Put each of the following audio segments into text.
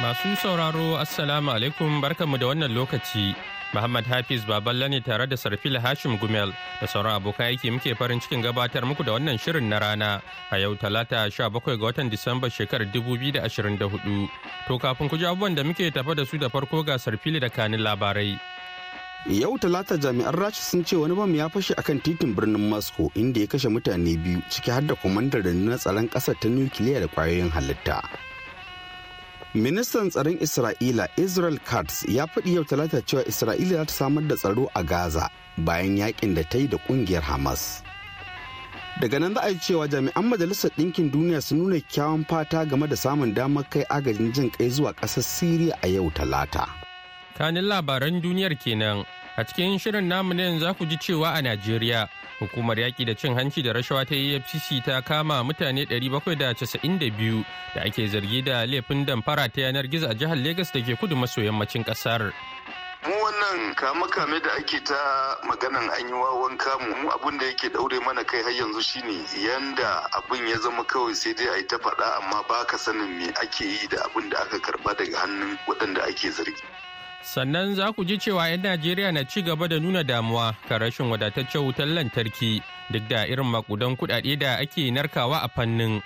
Masu sauraro Assalamu alaikum barkanmu da wannan lokaci. Muhammad Hafiz Baballa ne tare da Sarfil Hashim Gumel da sauran abokan aiki muke farin cikin gabatar muku da wannan shirin na rana a yau talata 17 ga watan Disamba shekarar 2024. To kafin ku ji abubuwan da muke tafa da su da farko ga Sarfil da kanin labarai. Yau talata jami'an Rashi sun ce wani bam ya fashe akan titin birnin Moscow inda ya kashe mutane biyu ciki har da kwamandar na tsaron ƙasar ta nukiliya da kwayoyin halitta. Ministan tsaron Isra'ila Israel Katz ya faɗi yau talata cewa Isra'ila za ta samar da tsaro a Gaza bayan yakin da ta yi da ƙungiyar Hamas. Daga nan za a yi cewa jami'an Majalisar Ɗinkin Duniya sun nuna kyawun fata game da samun damar kai agajin jin kai zuwa ƙasar Siriya a yau talata. Kanin labaran duniyar kenan a cikin shirin namu ne za ku ji cewa a Najeriya Hukumar yaƙi da cin hanci da rashawa ta EFCC ta kama mutane 792 da ake zargi da laifin damfara ta yanar gizo a jihar Legas da ke kudu maso yammacin ƙasar. mu wannan kame-kame da ake ta maganan an yi wawan kamu mu abin da yake daure mana kai har yanzu shine yanda abin ya zama kawai sai dai a yi ta faɗa amma ba ka sanin me ake yi da abin da aka karba daga hannun waɗanda ake zargi. sannan za ku ji cewa 'yan najeriya na ci gaba da nuna damuwa kan rashin wadataccen wutar lantarki duk da irin makudan kudade da ake narkawa a fannin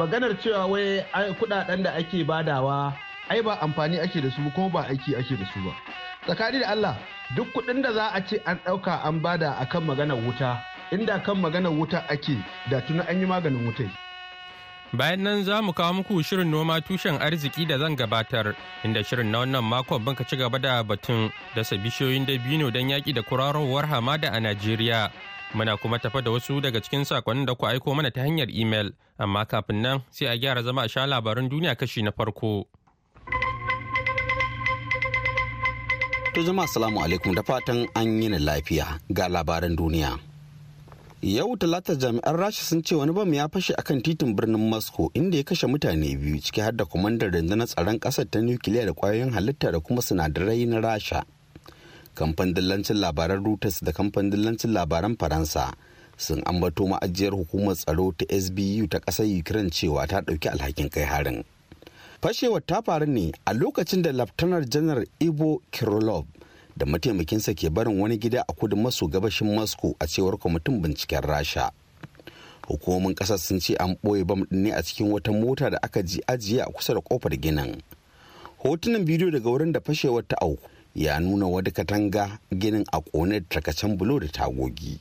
maganar cewa wai kudaden da ake badawa ai ba amfani ake da su kuma ba aiki ake da su ba tsakani da allah duk kudin da za a ce an dauka an bada akan maganar wuta inda kan maganar wuta ake da tuni an yi maganin wutai Bayan nan za mu kawo muku shirin noma tushen arziki da zan gabatar, inda shirin na wannan makon banka ci gaba da batun dasa bishiyoyin dabino don yaƙi da kurarowar hamada a Najeriya. Muna kuma tafa da wasu daga cikin sakonnin da ku aiko mana ta hanyar imel, amma kafin nan sai a gyara zama a sha labarun duniya kashi na farko. To zama asalamu alaikum da fatan an yi lafiya ga labaran duniya. yau talata jami'an rasha sun ce wani bamu ya fashe akan titin birnin moscow inda ya kashe mutane biyu ciki har da kwamandan rundunar tsaron kasar ta nukiliya da kwayoyin halitta da kuma sinadarai na rasha kamfan dillancin labaran reuters da kamfan dillancin labaran faransa sun ambato ma'ajiyar hukumar tsaro ta sbu ta kasar ukraine cewa ta ɗauki alhakin kai harin fashewar ta faru ne a lokacin da laftanar janar ibo kirilov da mataimakinsa ke barin wani gida a kudu maso gabashin moscow a cewar kwamitin binciken rasha hukumomin kasar sun ce an ɓoye bam ne a cikin wata mota da aka ji ajiye a kusa da kofar ginin hotunan bidiyo daga wurin da fashewar ta auku ya nuna wani katanga ginin a kone da tarkacen bulo da tagogi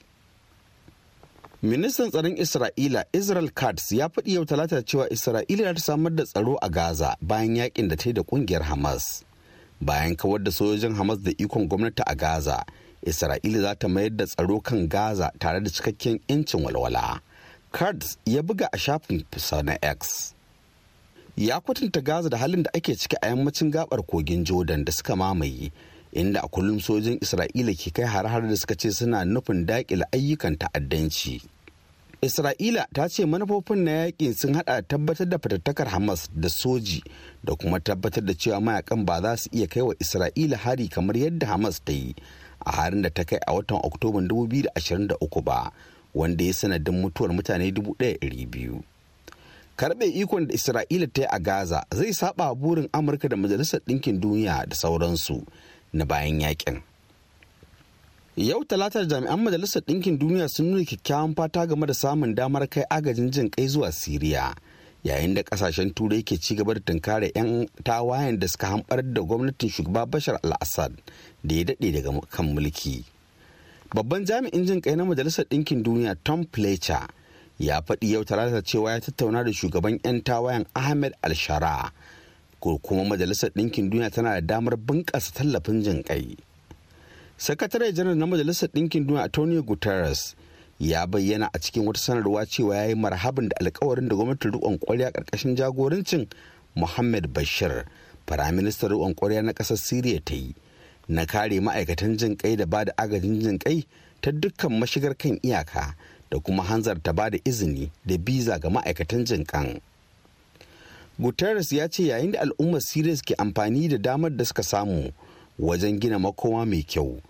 ministan tsaron isra'ila israel katz ya faɗi yau talata cewa isra'ila ta samar da tsaro a gaza bayan yakin da ta yi da kungiyar hamas bayan kawar da sojojin hamas da ikon gwamnati a gaza isra'ila za ta mayar da tsaro kan gaza tare da cikakken 'yancin walwala kurds ya buga a shafin fisa na x ya kwatanta gaza da halin da ake ciki a yammacin gabar kogin jordan da suka mamaye inda a kullum sojojin isra'ila ke kai har-har da suka ce suna nufin daƙile ayyukan ta'addanci isra'ila ta ce manufofin na yakin sun hada tabbatar da fatattakar hamas da soji da kuma tabbatar da cewa mayakan ba za su iya kai wa isra'ila hari kamar yadda hamas ta yi a harin da ta kai a watan oktoban 2023 ba wanda ya sanadin mutuwar mutane 1,200 karbe ikon da isra'ila ta yi a gaza zai saba burin amurka da majalisar ɗinkin duniya da sauransu na bayan yakin Yau talatar jami'an Majalisar Ɗinkin Duniya sun nuna kyakkyawan fata game da samun damar kai agajin jin kai zuwa Siriya. Yayin da kasashen Turai ke ci gaba da tunkare 'yan tawayen da suka hamɓar da gwamnatin shugaba Bashar al-Assad da ya daɗe daga kan mulki. Babban jami'in jin kai na Majalisar Ɗinkin Duniya Tom Fletcher ya faɗi yau talata cewa ya tattauna da shugaban 'yan tawayen Ahmed al-Shara. kuma Majalisar Ɗinkin Duniya tana da damar bunƙasa tallafin jin kai. sakatare janar na majalisar ɗinkin duniya antonio guterres ya bayyana a cikin wata sanarwa cewa ya yi marhabin da alkawarin da gwamnatin riƙon kwarya ƙarƙashin jagorancin muhammad bashir firaministan riƙon kwarya na ƙasar siriya ta yi na kare ma'aikatan jin kai da bada agajin jin kai ta dukkan mashigar kan iyaka da kuma hanzarta da izini da biza ga ma'aikatan jin kan guterres ya ce yayin da al'ummar siriya ke amfani da damar da suka samu wajen gina makoma mai kyau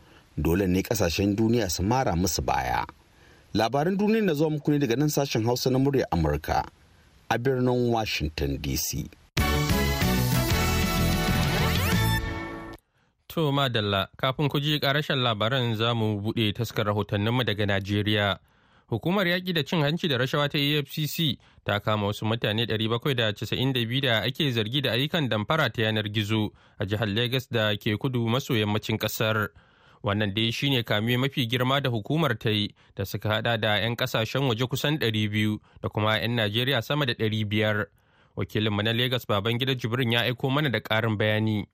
dole ne kasashen duniya su mara musu baya labarin duniya na zuwa muku ne daga nan sashen hausa na murya amurka a birnin washington dc to madalla kafin ku ji karashen labaran za mu buɗe taskar rahotanninmu daga najeriya hukumar yaƙi da cin hanci da rashawa ta afcc e ta kama wasu mutane 792 da ake zargi da ayyukan damfara ta yanar gizo a jihar legas da ke kudu maso yammacin ƙasar. wannan dai ne kame mafi girma da hukumar ta yi da suka hada da 'yan kasashen waje kusan 200 da kuma 'yan najeriya sama da 500 wakilinmu na lagos babangida jibrin ya aiko mana da karin bayani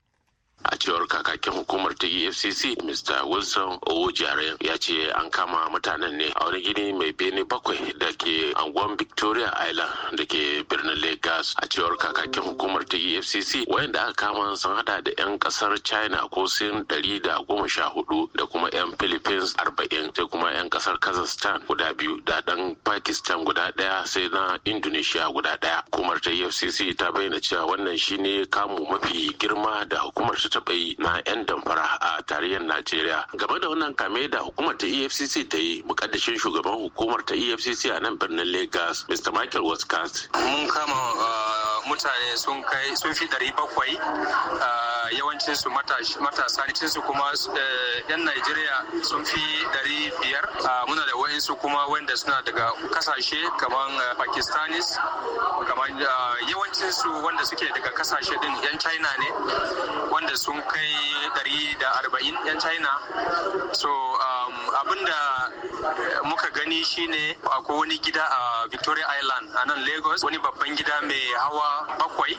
a cewar kakakin hukumar ta efcc mr wilson owojare ya ce an kama mutanen ne a wani gini mai bene bakwai da ke angon victoria island da ke birnin lagos a cewar kakakin hukumar ta efcc wayanda aka kama sun hada da 'yan kasar china ko sin ɗari da goma sha hudu da kuma 'yan philippines arba'in sai kuma 'yan kasar kazakhstan guda biyu da dan pakistan guda daya sai na indonesia guda daya hukumar ta efcc ta bayyana cewa wannan shine kamu mafi girma da hukumar su taɓa yi na 'yan damfara a tarihin najeriya game da wannan kame da hukumar ta efcc ta yi mukaddashin shugaban hukumar ta efcc a nan birnin lagos mr michael Wascast. mun kama ah, mutane sun kai sun fi 700 yawancin su matasa ne cinsu kuma eh, yan Najeriya sun fi ɗari biyar ah, muna da wa'insu kuma wanda suna daga kasashe kamar eh, Pakistanis kamar ah, yawancin su wanda suke daga kasashe din yan China ne wanda sun kai ɗari da arba'in yan China so um, abinda muka gani shine akwai wani gida a Victoria Island a nan Lagos wani babban gida mai hawa bakwai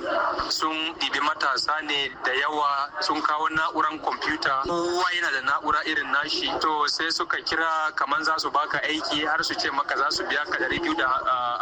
sun ɗibi matasa ne da yawa kowa sun kawo na'urar kwamfuta kowa yana da na'ura irin nashi to sai suka kira kamar za su baka aiki har su ce maka za su biya ka dari biyu da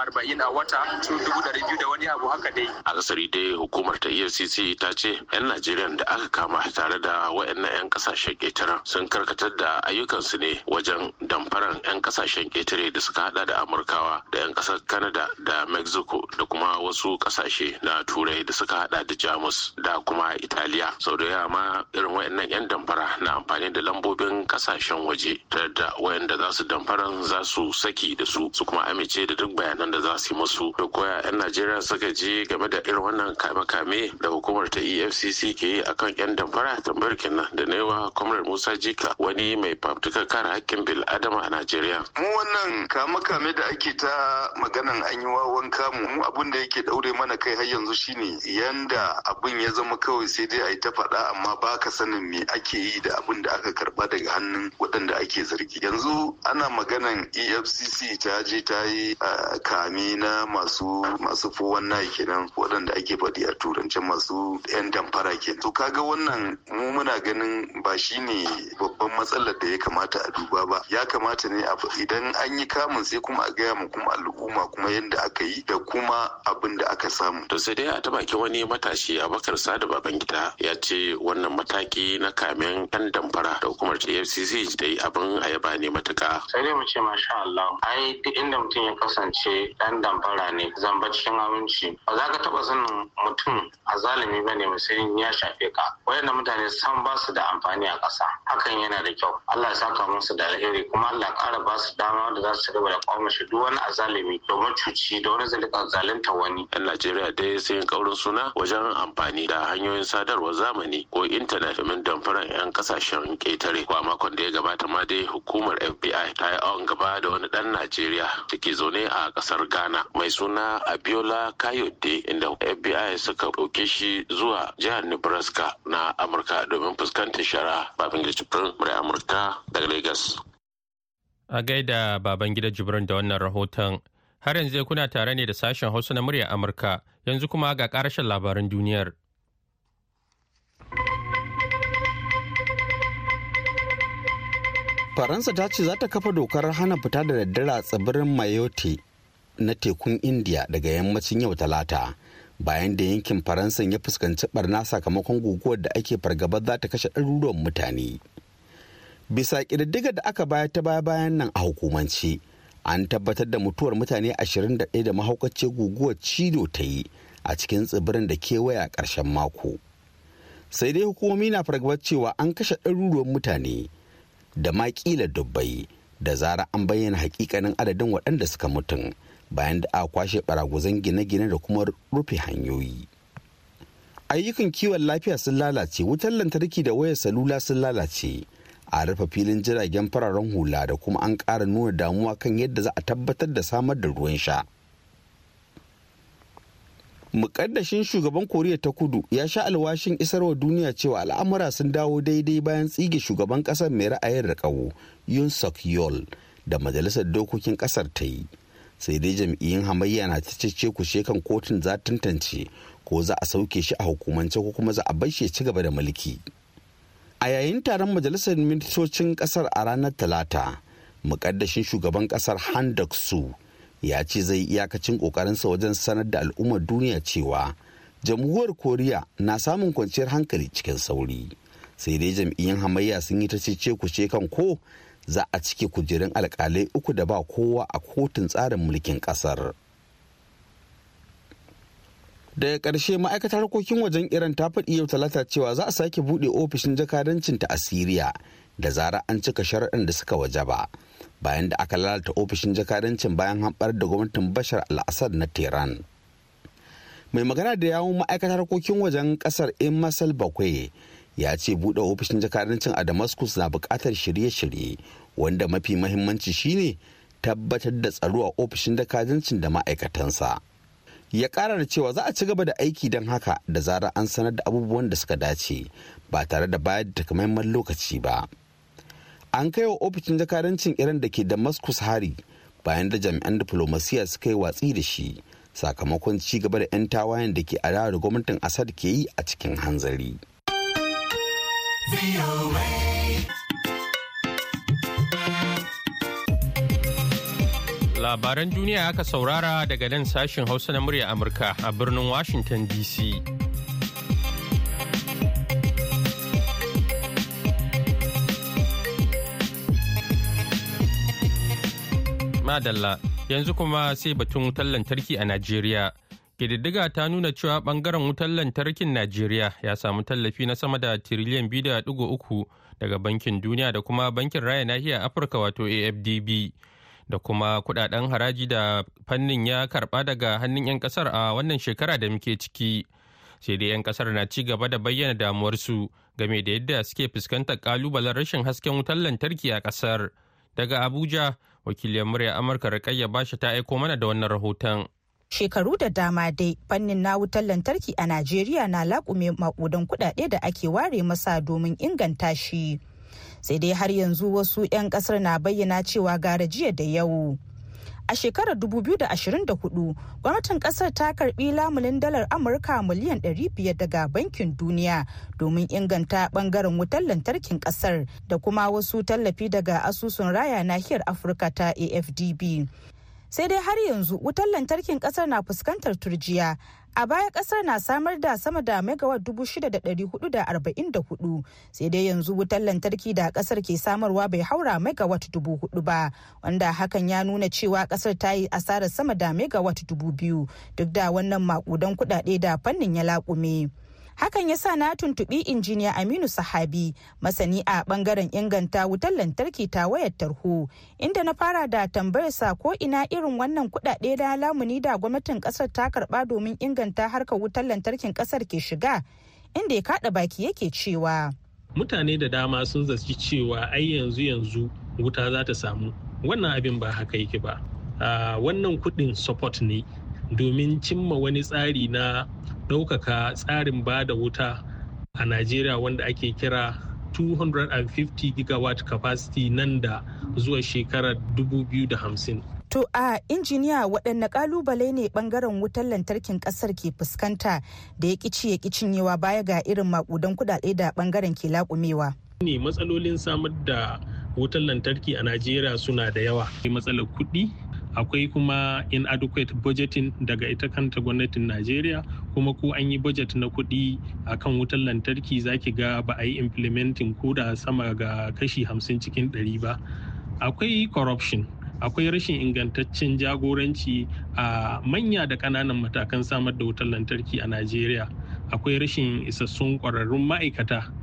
arba'in a wata su dubu dari biyu da wani abu haka dai A akasari dai hukumar ta efcc ta ce yan Najeriya da aka kama tare da wayannan yan kasashen ƙetare sun karkatar da ayyukansu ne wajen damfaran yan kasashen ƙetare da suka hada da amurkawa da yan ƙasar canada da mexico da kuma wasu kasashe na turai da suka hada da jamus da kuma italiya najeriya sau ma irin wayannan yan damfara na amfani da lambobin kasashen waje ta da wayanda za su damfaran za su saki da su su kuma amince da duk bayanan da za su yi musu da koya yan najeriya suka je game da irin wannan kame-kame da hukumar ta efcc ke yi akan yan damfara tambayar kenan da naiwa comrade musa jika wani mai fafutukar kare hakkin bil adama a najeriya mu wannan kame-kame da ake ta maganan an yi wawan kamu mu abun da yake daure mana kai har yanzu shine yanda abun ya zama kawai sai dai ai ta faɗa amma ba ka sanin me ake yi da abin da aka karba daga hannun waɗanda ake zargi yanzu ana maganan efcc ta je ta yi kame na masu masu fowan na kenan waɗanda ake faɗi a turancin masu yan damfara ke to kaga wannan mu muna ganin ba shine babban matsalar da ya kamata a duba ba ya kamata ne idan an yi kamun sai kuma a gaya mu kuma al'umma kuma yadda aka yi da kuma abin da aka samu to sai dai a ta baki wani matashi abakar baban babangida ya ce wannan mataki na kamen ɗan damfara da hukumar tfcc ta yi abin a yaba ne matuka sai dai mu ce masha Allah ai duk inda mutum ya kasance ɗan damfara ne zamba cikin aminci ba za ka taɓa sanin mutum a zalimi ne musulmi ya shafe ka wayannan mutane san ba su da amfani a ƙasa hakan yana da kyau Allah ya saka musu da alheri kuma Allah ƙara ba su dama da za su gaba da shi duk wani azalimi domin cuci da wani zalika zalunta wani yan Najeriya dai sai kaurin suna wajen amfani da hanyoyin sadarwa sadarwar zamani ko intanet domin damfaran 'yan kasashen ƙetare ko a makon da ya gabata ma dai hukumar fbi ta yi awon gaba da wani ɗan najeriya da ke zaune a ƙasar ghana mai suna abiola kayode inda fbi suka ɗauke shi zuwa jihar nebraska na amurka domin fuskantar shara babin da cikin amurka daga lagos a gaida baban gida jibrin da wannan rahoton har yanzu kuna tare ne da sashen hausa na murya amurka yanzu kuma ga karashen labaran duniyar faransa ta ce za ta kafa dokar hana fita da daddare a tsibirin mayotte na tekun india daga yammacin yau talata bayan da yankin faransa ya fuskanci barna sakamakon guguwar da ake fargabar za ta kashe ɗaruruwan mutane bisa ƙididdiga da aka baya ta baya bayan nan a hukumance an tabbatar da mutuwar mutane 21 da mahaukacin guguwar cido ta yi a cikin tsibirin da kewaye a ƙarshen mako sai dai hukumomi na fargabar cewa an kashe ɗaruruwan mutane da ma dubbai da zara an bayyana hakikanin adadin waɗanda suka mutum bayan da aka kwashe baragwazon gine-gine da kuma rufe hanyoyi ayyukan kiwon lafiya sun lalace wutar lantarki da wayar salula sun lalace a rufe filin jiragen fararen hula da kuma an ƙara nuna damuwa kan yadda za a tabbatar da samar da ruwan sha mukaddashin shugaban koriya ta kudu ya sha alwashin isarwa duniya cewa al'amura sun dawo daidai bayan tsige shugaban kasar mai ra'ayin rikawo yun suk yol da majalisar dokokin kasar ta yi sai dai jam'iyyun hamayya na ta cece kushe kan kotun za tantance ko za a sauke shi a hukumance ko kuma za a bar shi ci gaba da mulki a yayin taron majalisar ministocin kasar a ranar talata mukaddashin shugaban kasar handok su ya ce zai iyakacin kokarinsa wajen sanar da al'ummar duniya cewa jamhuriyar koriya na samun kwanciyar hankali cikin sauri sai dai jam'iyyun hamayya sun yi ta ce kan ko za a cike kujerun alkalai uku da ba kowa a kotun tsarin mulkin kasar daga ƙarshe ma'aikatar harkokin wajen iran ta faɗi yau talata cewa za a sake buɗe ofishin jakadancinta a siriya da zara an cika sharaɗin da suka waje ba bayan da aka lalata ofishin jakadancin bayan hamɓar da gwamnatin bashar al na tehran mai magana da yawun ma'aikatar harkokin wajen kasar imasal bakwai ya ce buɗe ofishin jakadancin a damascus na buƙatar shirye-shirye wanda mafi mahimmanci shine tabbatar da tsaro a ofishin jakadancin da ma'aikatansa ya ƙara da cewa za a ci gaba da aiki don haka da zarar an sanar da abubuwan da suka dace ba tare da bayar da takamaiman lokaci ba. an kai wa ofishin jakadancin iran da ke damascus hari bayan da jami'an diflomasiyya suka yi watsi da shi sakamakon ci gaba da 'yan tawayen da ke adawa gwamnatin asad ke yi a cikin hanzari labaran duniya aka saurara daga nan sashen hausa na murya amurka a birnin washington dc Madalla, yanzu kuma sai batun wutar lantarki a Najeriya. Kididdiga ta nuna cewa bangaren wutar lantarkin Najeriya ya samu tallafi na sama da tiriliyan uku daga Bankin Duniya da kuma Bankin Raya Nahiyar Afirka wato AFDB. Da kuma kudaden haraji da fannin ya karba daga hannun 'yan kasar a wannan shekara da muke ciki. Sai dai 'yan kasar na ci gaba da bayyana damuwarsu game da yadda suke fuskantar kalubalen rashin hasken wutar lantarki a kasar. Daga Abuja, wakiliyar murya Amurka ba Bashi ta aiko mana da wannan rahoton. shekaru da dama dai fannin na wutar lantarki a najeriya na laƙume maƙudan kuɗaɗe da ake ware masa domin inganta shi sai dai har yanzu wasu 'yan ƙasar na bayyana cewa gara jiya da yau a shekarar 2024 gwamnatin kasar ta karbi lamulin dalar amurka miliyan 500 daga bankin duniya domin inganta bangaren wutar lantarkin kasar da kuma wasu tallafi daga asusun raya nahiyar afirka ta afdb sai dai har yanzu wutar lantarkin kasar na fuskantar turjiya a baya kasar na samar da sama da megawatt 6,444 sai dai yanzu wutar lantarki da kasar ke samarwa bai haura megawatt 4,000 ba wanda hakan ya nuna cewa kasar ta yi asarar sama da megawatt 2,000 duk da wannan makudan kudade da fannin ya laƙume. hakan ya sa na tuntuɓi injiniya aminu sahabi masani a bangaren inganta wutar lantarki ta wayar tarho inda na fara da tambayar sa ko ina irin wannan kuɗaɗe da lamuni da gwamnatin ƙasar ta karba domin inganta harkar wutar lantarkin ƙasar ke shiga inda ya kaɗa baki yake cewa mutane da dama sun zaci cewa ai yanzu yanzu wuta za ta samu wannan abin ba haka yake ba ah, wannan kudin support ne domin cimma wani tsari na ɗaukaka tsarin ba da wuta a najeriya wanda ake kira 250 gigawatt capacity nan da zuwa shekarar 2050 To a injiniya waɗanne ƙalubale ne ɓangaren wutar lantarkin ƙasar ke fuskanta da ya ƙici ya cinyewa baya ga irin maƙudan kuɗaɗe da ɓangaren ke laƙumewa. Ne matsalolin samar da wutar lantarki a Najeriya suna da yawa. Matsalar kuɗi akwai kuma inadequate budgeting daga ita kanta gwamnatin najeriya kuma ko an yi budget na kuɗi a kan wutar lantarki zaki ga ba a yi implementing ko da sama ga kashi hamsin cikin ɗari ba akwai corruption akwai rashin ingantaccen jagoranci a manya da ƙananan matakan samar da wutar lantarki a najeriya akwai rashin isassun ƙwararrun ma'aikata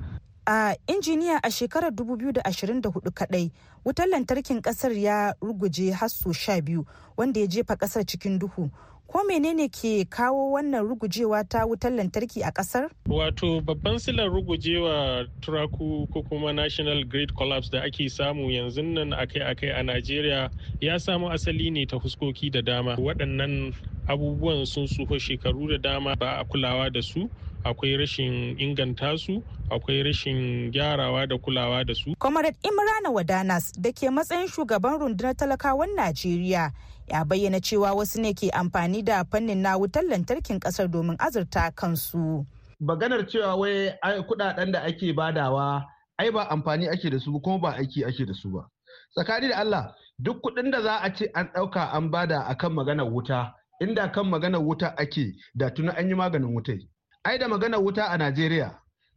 a injiniya a shekarar 2024 kadai wutar lantarkin kasar ya ruguje sha biyu wanda ya jefa kasar cikin duhu ko menene ke kawo wannan rugujewa ta wutar lantarki a kasar? wato babban silar rugujewa turaku ko kuma national grid collapse da ake samu yanzu nan akai-akai a najeriya ya samu asali ne ta huskoki da dama waɗannan abubuwan sun tsoho shekaru da dama ba a kulawa da su akwai rashin inganta su akwai rashin gyarawa da kulawa da su. Comrade Imrana Wadanas da ke matsayin shugaban rundunar talakawan Najeriya ya bayyana cewa wasu ne ke amfani da fannin na wutar lantarkin kasar domin azurta kansu. Baganar cewa wai kudaden da ake badawa ai ba amfani ake da su kuma ba aiki ake da su ba. Tsakani da Allah duk kuɗin da za a ce an ɗauka an bada akan maganar wuta inda kan maganar wuta ake da tuna an yi maganin wutai. ai da magana wuta a najeriya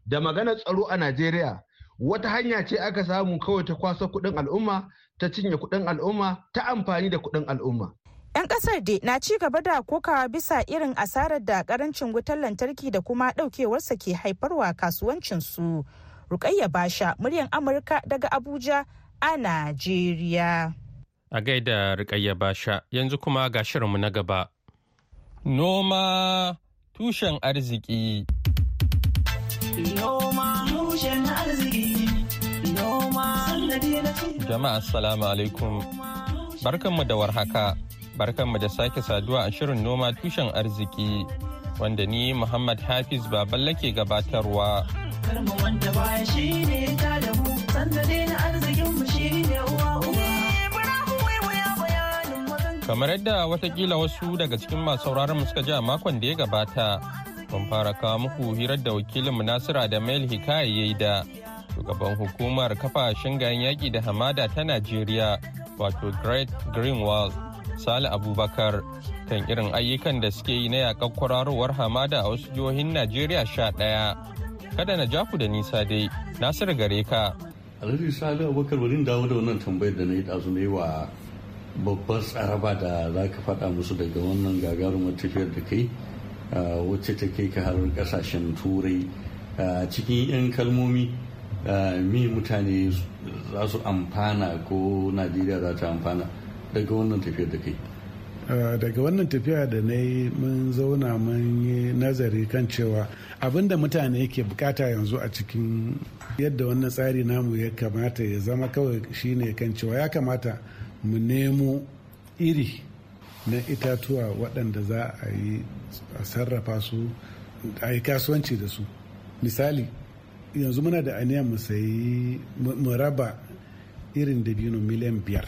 da magana tsaro a najeriya wata hanya ce aka samu kawai ta kwaso kuɗin al'umma ta cinye kuɗin al'umma ta amfani da kuɗin al'umma 'yan kasar dai na ci gaba da kokawa bisa irin asarar da karancin wutar lantarki da kuma daukewarsa ke haifarwa kasuwancinsu rukayya basha muryan amurka daga abuja a najeriya a gaida rukayya basha yanzu kuma ga shirinmu na gaba noma tushen arziki. Jama'a salamu alaikum. Barkanmu da warhaka. Barkanmu da sake saduwa a shirin noma tushen arziki wanda ni Muhammad Hafiz Baballe ke gabatarwa. shi kamar yadda watakila wasu daga cikin masu sauraron suka ji a makon da ya gabata mun fara kawo muku hirar da wakilin nasira da mail hikaya ya yi da shugaban hukumar kafa shingayen yaki da hamada ta najeriya wato great green wall sale abubakar kan irin ayyukan da suke yi na yaƙar kwararowar hamada a wasu jihohin najeriya sha ɗaya kada na ja ku da nisa dai nasir gare ka alhaji sale abubakar bari dawo da wannan tambayar da na yi ɗazu na yi wa babbar tsaraba da za ka faɗa musu daga wannan gagarumar tafiyar da kai wacce ta kai ka har ƙasashen turai cikin 'yan kalmomi mi mutane za su amfana ko najeriya za ta amfana daga wannan tafiyar da kai daga wannan tafiya da na yi mun zauna mun yi nazari kan cewa abinda mutane ke bukata yanzu a cikin yadda wannan tsari namu ya kamata ya zama kawai shine kan cewa ya kamata mu nemo iri na itatuwa waɗanda za a yi a sarrafa su a yi kasuwanci da su misali yanzu muna da aniya mu sayi mu raba irin dabino miliyan biyar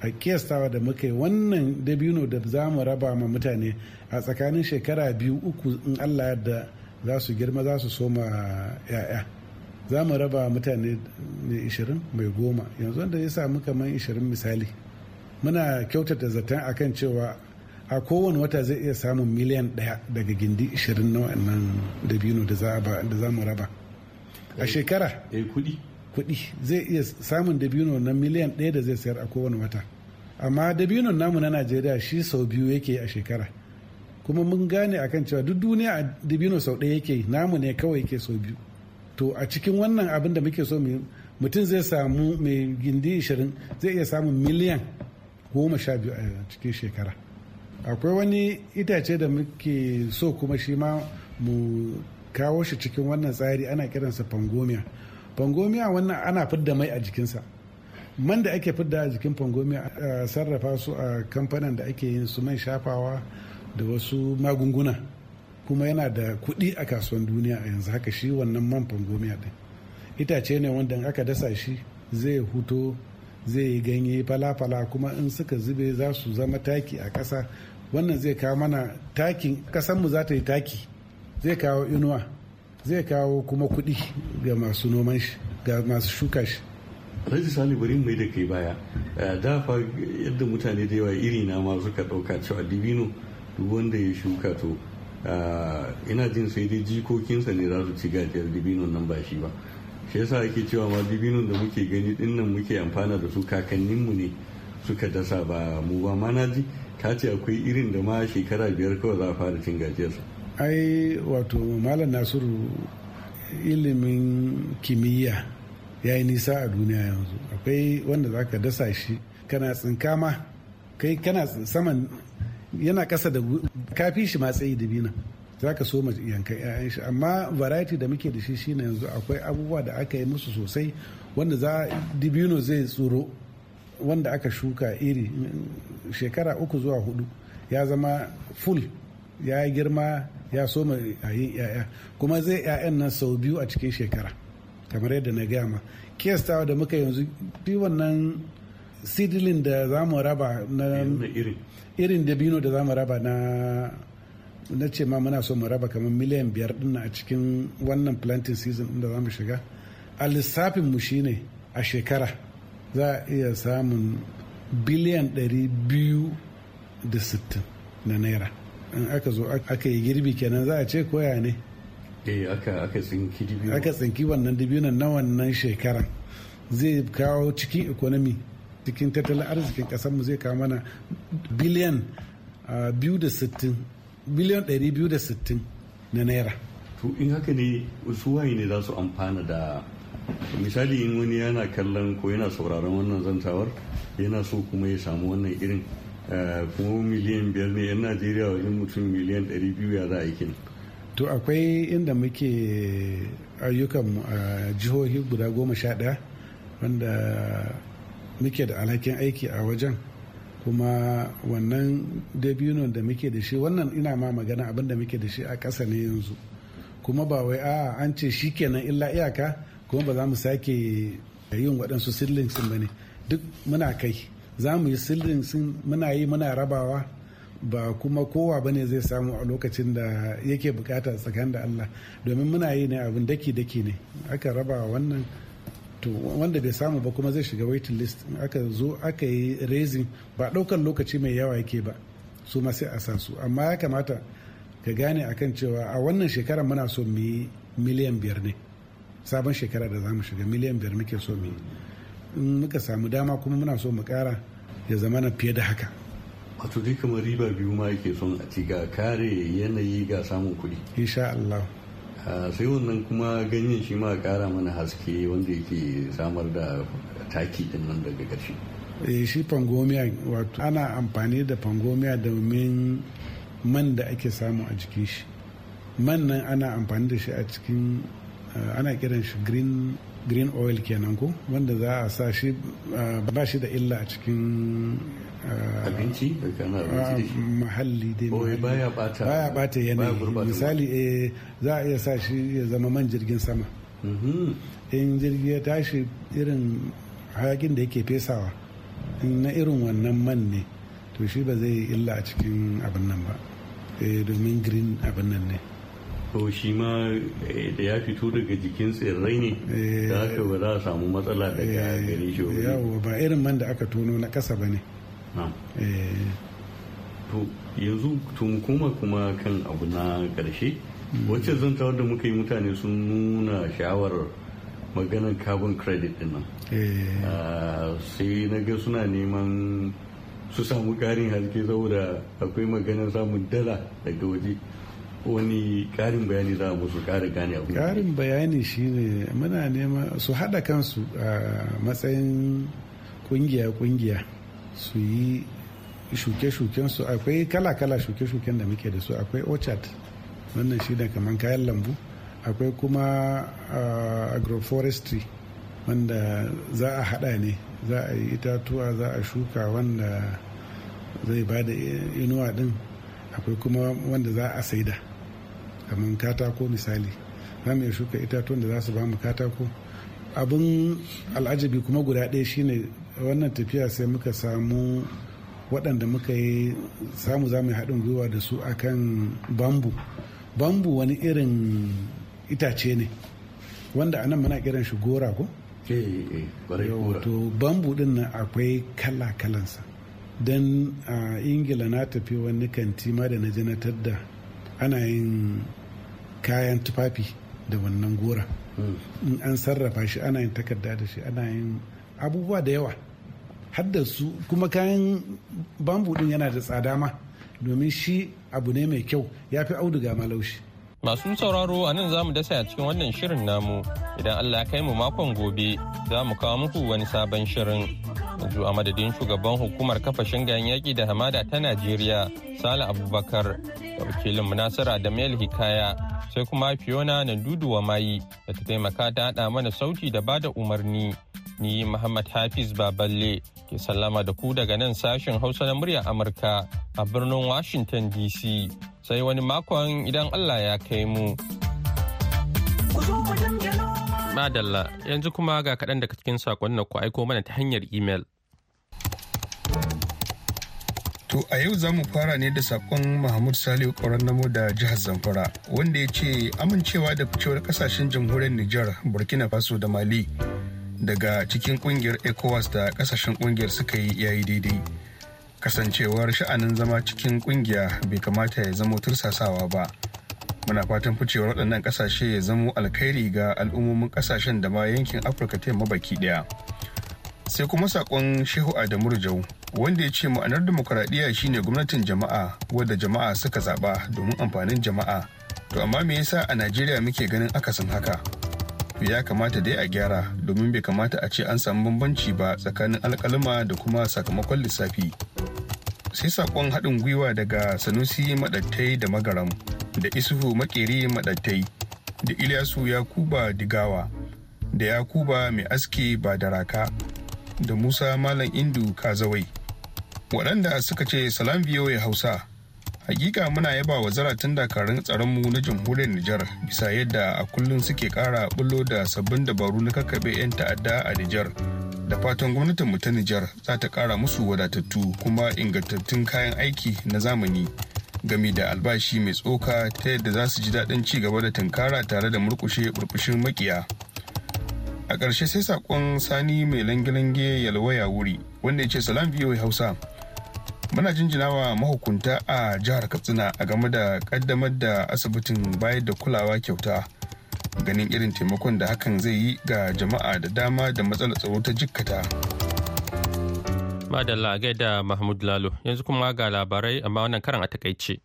a kiyastawa da muka yi wannan dabino da za mu raba ma mutane a tsakanin shekara biyu uku in allah yadda za su girma za su soma 'ya'ya za mu raba mutane ne ishirin mai goma yanzu wanda ya samu kamar ishirin misali muna kyautata zaton akan cewa a kowane wata zai iya samun miliyan daya daga gindi ishirin na wannan dabino da za mu raba a eh, shekara eh, kudi zai iya samun dabino na miliyan daya da zai sayar a kowane wata amma dabino namu na najeriya shi sau biyu yake a shekara kuma mun gane akan cewa duk duniya a dabino sau ɗaya yake namu ne kawai yake sau biyu to a cikin wannan abin da muke so mutum zai samu mai gindi 20 zai iya samun miliyan goma sha biyu a cikin shekara akwai wani itace da muke so kuma shi ma mu kawo shi cikin wannan tsari ana kiransa pangomia pangomia wannan ana fidda mai a jikinsa man da ake fidda a jikin pangomia a sarrafa su a kamfanin da ake yin su man shafawa da wasu magunguna kuma yana da kuɗi a kasuwan duniya a yanzu haka shi wannan man fangomiya ɗin itace ne wanda aka dasa shi zai huto zai yi ganye fala-fala kuma in suka zube za su zama taki a ƙasa wannan zai kawo mana takin ƙasanmu za ta yi taki zai kawo inuwa zai kawo kuma kuɗi ga masu noman shi ga masu shuka shi Alhaji Sani bari mai da kai baya eh, da yadda mutane da yawa iri na ma suka ɗauka cewa dibino duk wanda ya shuka to Eh, ina jin sai dai jikokinsa ne za su ci gajiyar dibinon nan ba shi ba shi yasa ake cewa ma dibinon da muke gani dinnan muke amfana da su kakanninmu ne suka dasa ba mu ba manaji ta ce akwai irin da ma shekara biyar kawai za a fara cin gajiyarsa ai wato malam nasiru ilimin kimiyya ya yi nisa a duniya yanzu akwai wanda za ka dasa shi kana tsinkama kai kana saman yana kasa da kafi shi ma tsayi dibina za ka so yankan 'ya'yan shi amma variety da muke da shi shi shine yanzu akwai abubuwa da aka yi musu sosai wanda za dibino zai tsoro wanda aka shuka iri shekara uku zuwa hudu ya zama full ya girma ya soma a 'ya'ya kuma zai 'ya'yan nan sau biyu a cikin shekara kamar yadda na gama kiyastawa da muka yanzu bi wannan seedling da za mu raba na eh, irin dabino da za mu raba na na ce ma muna so mu raba kamar miliyan biyar din a cikin wannan planting season da za mu shiga a lissafin mu shine a shekara za a iya samun biliyan 260 na naira in aka zo aka yi girbi kenan za a ce koya ne eh, aka tsinki wannan dabino na wannan shekaran zai kawo cikin economy. cikin tattalin arzikin mu zai kawo mana biliyan 260 biliyan 260 na naira to in haka ne su waye ne za su amfana da misali in wani yana kallon ko yana sauraron wannan zantawar yana so kuma ya samu wannan irin kuma miliyan biyar ne yan najeriya wajen mutum miliyan ɗari biyu ya za a yi to akwai inda muke ayyukan jihohi guda goma sha ɗaya wanda muke da alhakin aiki a wajen kuma wannan dabino da muke da shi wannan ina ma magana abin da muke da shi a ƙasa ne yanzu kuma ba wai a an ce shi kenan illa iyaka kuma ba za mu sake yin waɗansu sirrin ba ne duk muna kai za mu yi sirrin muna yi muna rabawa ba kuma kowa ba ne zai samu a lokacin da yake bukata tsakanin da Allah domin muna yi ne abin daki-daki ne aka raba wannan to wanda bai samu ba kuma zai shiga waiting list aka zo aka yi raising ba ɗaukan lokaci mai yawa yake ba su ma sai a sa su amma ya kamata ka gane akan cewa a wannan shekarar muna so mu yi miliyan biyar ne sabon shekara da za mu shiga miliyan biyar muke so mu yi in muka samu dama kuma muna so mu kara ya zama na fiye da haka wato dai kamar riba biyu ma yake son a ci ga kare yanayi ga samun kuɗi insha Allah sai wannan kuma ganyen shi ma kara mana haske wanda yake samar da taki din nan daga ƙarshe eh, shi pangomiya wato ana amfani da pangomiya domin man da ake samu a jikin shi man nan ana amfani da shi a cikin ana kiran shi green green oil kenan ko wanda za a sa shi ba shi da illa a cikin Eh, abinci mahalli da muhalli dai baya bata yanayi misali eh, za a iya sa shi ya zama man jirgin sama mm-hmm. in jirgi ya tashi irin hayakin da yake fesawa na irin wannan man ne to shi ba zai illa a cikin abin nan ba eh, domin green abin nan ne to shi ma da ya fito daga jikin tsirrai ne da haka ba za a samu matsala daga gare shi ba irin man da aka tono na kasa ba ne Eh. to yanzu kuma kuma kan abu na ƙarshe mm. wacce zan tawar da muka yi mutane sun nuna shawarar maganar carbon credit din nan eh. ah, sai na ga suna neman su samu karin haske saboda akwai maganar samun dala daga waje wani ƙarin bayani za a musu kara gane abu karin bayani shine muna neman su hada kansu a matsayin kungiya-kungiya su yi shuke-shuken su akwai kala-kala shuke-shuken da muke da su akwai orchard wannan shi da kaman kayan lambu akwai kuma ah, agroforestry wanda za a hada ne za a yi itatuwa za a shuka wanda zai ba da inuwa din akwai kuma wanda za a saida kamar katako misali za mu shuka itatuwan da za su ba mu katako abin al'ajabi kuma guda ɗaya shine wannan tafiya sai muka samu waɗanda muka yi samu za mu yi haɗin gwiwa da su akan bambu bambu wani irin itace ne wanda anan muna kiran shi gora ko? Eh, eh, eh, to bambu din nan akwai kala-kalansa don a ingila na tafi wani kanti ma da na janatar da ana yin kayan tufafi da wannan gora hmm. in an sarrafa shi ana yin takarda da shi ana yin abubuwa da yawa haddasu kuma kayan bambu din yana da tsada ma domin shi abu ne mai kyau ya fi auduga ma masu sauraro a nan zamu dasa cikin wannan shirin namu idan allah ya kai mu makon gobe za mu kawo muku wani sabon shirin yanzu a madadin shugaban hukumar kafa shingayen yaƙi da hamada ta najeriya sale abubakar da wakilin munasara da mel hikaya sai kuma fiona na duduwa mayi da ta taimaka ta haɗa mana sauti da bada umarni Ni Muhammad Hafiz Baballe ke sallama da ku daga nan sashen Hausa na muryar Amurka a birnin Washington DC. Sai wani makon idan Allah ya kai mu. Madalla yanzu kuma ga kaɗan daga cikin na ku aiko mana ta hanyar imel. To a yau za mu fara ne da saƙon Mahmud Salihu Ƙoron Namo da jihar Zamfara wanda ya ce amincewa da ficewar kasashen jamhuriyar Nijar, Burkina Faso da Mali daga cikin kungiyar ecowas da kasashen kungiyar suka yi yayi daidai kasancewar sha'anin zama cikin kungiya bai kamata ya zamo tursasawa ba muna fatan ficewar waɗannan ƙasashe ya zamo alkhairi ga al'ummomin ƙasashen da ma yankin afirka ta yamma baki ɗaya sai kuma saƙon shehu adamu rijau wanda ya ce ma'anar demokuraɗiyya shine gwamnatin jama'a wadda jama'a suka zaɓa domin amfanin jama'a to amma me yasa a najeriya muke ganin akasin haka ya kamata dai a gyara domin bai kamata a ce an samu bambanci ba tsakanin alkalima da kuma sakamakon lissafi sai sakon haɗin gwiwa daga sanusi maɗattai da magaram da isuhu makeri maɗattai da ilyasu yakuba digawa da yakuba mai aski ba da raka da musa malam indu kazawai waɗanda suka ce salam ya hausa hakika muna yaba wa zaratun dakarun tsaronmu na jamhuriyar Nijar bisa yadda a kullum suke kara bullo da sabbin dabaru na kakkaɓe 'yan ta'adda a Nijar. Da fatan gwamnatin mu ta Nijar za ta kara musu wadatattu kuma ingantattun kayan aiki na zamani gami da albashi mai tsoka ta yadda za su ji daɗin ci gaba da tunkara tare da murkushe burbushin makiya. A ƙarshe sai saƙon sani mai langilange yalwaya wuri wanda ya ce salam biyo hausa. muna jinjina wa mahukunta a jihar katsina a game da kaddamar da asibitin bayar da kulawa kyauta ganin irin taimakon da hakan zai yi ga jama'a da dama da matsalar tsaro ta jikkata madalla gaida mahmud lalo yanzu kuma ga labarai amma wannan karan a takaice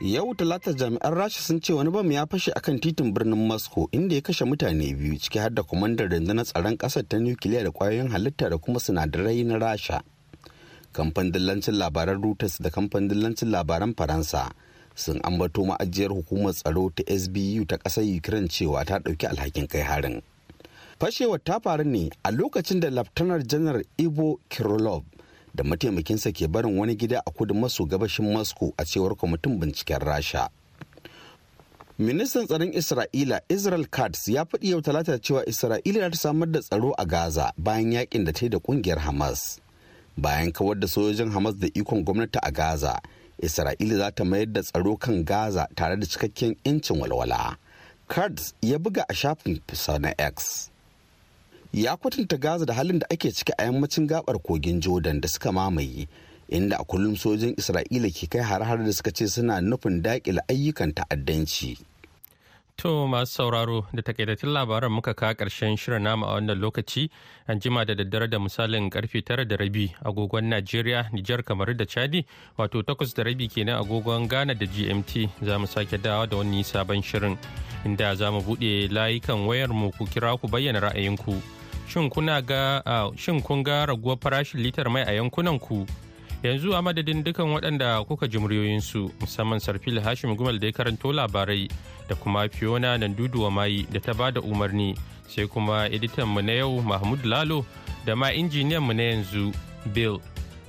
yau talata jami'an rasha sun ce wani bam ya fashe akan titin birnin moscow inda ya kashe mutane biyu ciki har da kwamandan rundunar tsaron kasar ta nukiliya da kwayoyin halitta da kuma sinadarai na rasha Kamfan dillancin labaran reuters da kamfan dillancin labaran faransa sun ambato ma'ajiyar hukumar tsaro ta sbu ta kasar ukraine cewa ta ɗauki alhakin kai harin fashewar ta faru ne a lokacin da laftanar janar ibo kirilov da mataimakinsa ke barin wani gida a kudu maso gabashin moscow a cewar kwamitin binciken rasha ministan tsaron isra'ila israel katz ya faɗi yau talata cewa isra'ila ta samar da tsaro a gaza bayan yakin da ta yi da kungiyar hamas bayan kawar da sojojin hamas da ikon gwamnati a gaza isra'ila za ta mayar da tsaro kan gaza tare da cikakken 'yancin walwala cards ya buga a shafin fisa na x ya kwatanta gaza da halin da ake ciki a yammacin gabar kogin jordan da suka mamaye inda a kullum sojin isra'ila ke kai har-har da suka ce suna nufin daƙila ayyukan ta'addanci To masu sauraro da takaitattun labaran muka kawo ƙarshen shirin nama a wannan lokaci an jima da daddare da misalin karfe tara da rabi agogon Najeriya, Nijar kamar da Chadi wato takwas da rabi kenan agogon Ghana da GMT za mu sake dawa da wani sabon shirin inda za mu buɗe layukan wayar mu ku kira ku bayyana ra'ayinku. shin kuna ga shin kun ga raguwar farashin litar mai a yankunan ku yanzu a madadin dukan waɗanda kuka ji muryoyinsu musamman sarfil hashim gumal da ya karanto labarai da kuma fiona nan duduwa mai da ta ba da umarni sai kuma editan mu na yau mahmud lalo da ma injiniyan mu na yanzu bill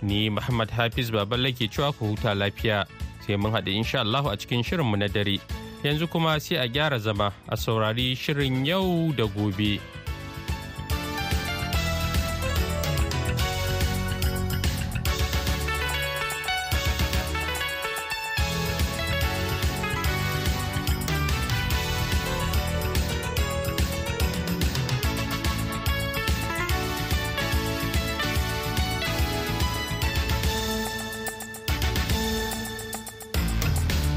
ni muhammad hafiz baballe ke cewa ku huta lafiya sai mun haɗu insha allah a cikin shirin mu na dare yanzu kuma sai a gyara zama a saurari shirin yau da gobe.